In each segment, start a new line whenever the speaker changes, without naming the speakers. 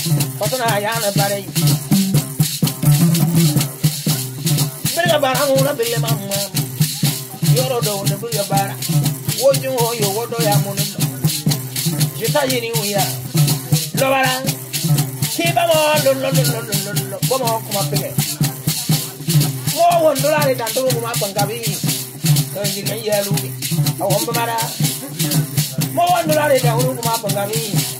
What's on patana ayana bare birga bara muna bille mamma yoro do ne birga bara wojin hoyo wodo ya munu jita yini uya lo bara ki ba mo lo lo lo don't, lo don't, mo don't, pege mo won do la ni tan do kuma pangabi ko ni kan yalu awon bara mo won do la ni tan kuma pangabi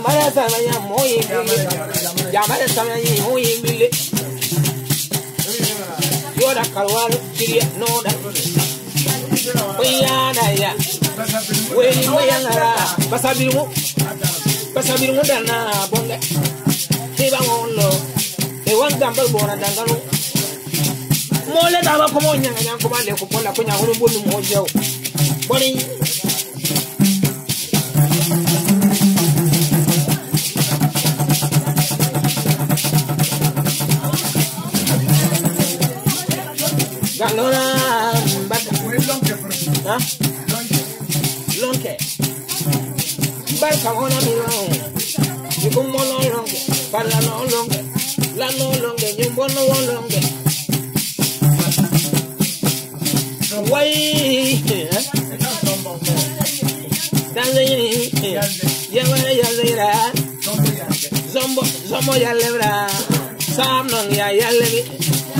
Yamara samaya moyi mile. Yamara samaya moyi mile. Yoda karwal kiriya noda. Oyana ya. Weni moyanara. Basabirmu. Basabirmu dana bonga. Tiba ngolo. Ewan gambal bora dangalo. Mole daba kumonya nganyang kumande kupola kunya hulu bunu mojeo. Boni. Boni. Allora, basta. Ah? Lonke. la La eh? eh? Zombo, zombo Sam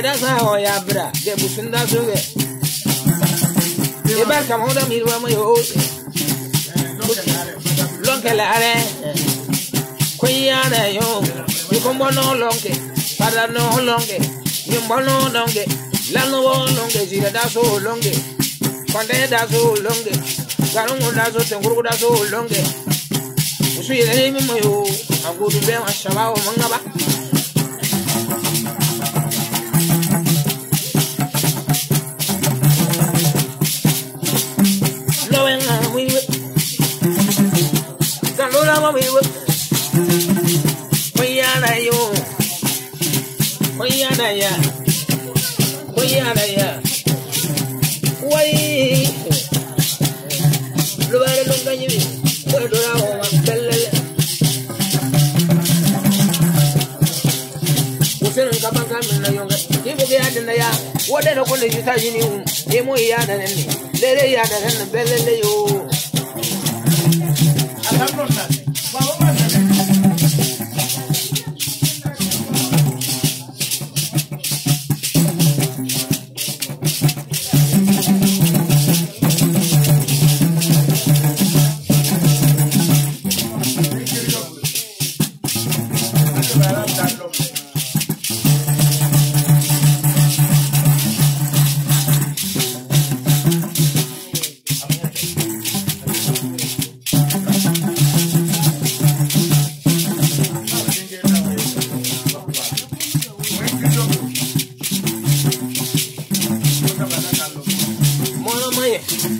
Será sa ho ya bra, de businda zuge. E bar kam hoda mi wa mo yo. Lonke la are. Kuya na yo. Ni kombo no lonke, para no lonke. Ni mbono lonke. La no lonke, jira da so lonke. Kwande da so lonke. Garungu da so tenguru da so lonke. Usu yele mi mo yo. Agudu be wa shabao mangaba. wa we wo oya na yo oya na ya oya na ya wai lo bare lo ganyi wo do ra o wa pelele usirin kaban kamin na yonga ibu ga yadin da ya wadda da kwallo shi ta shi ni un emu iya da nan ne lere iya da nan belle yo い